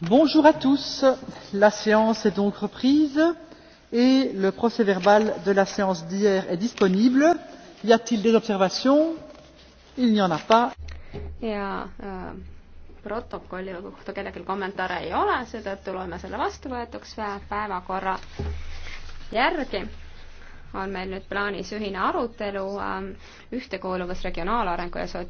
bonjour à tous la séance est donc reprise et le procès verbal de la séance d'hier est disponible y a t il des observations il n'y en a pas ja äh, protokolli kohta kellelgi kommentaare ei ole seetõttu loeme selle vastuvõetuks päevakorra järgi on meil nüüd plaanis ühine arutelu äh, ühtekuuluvus regionaalarengu ja sots-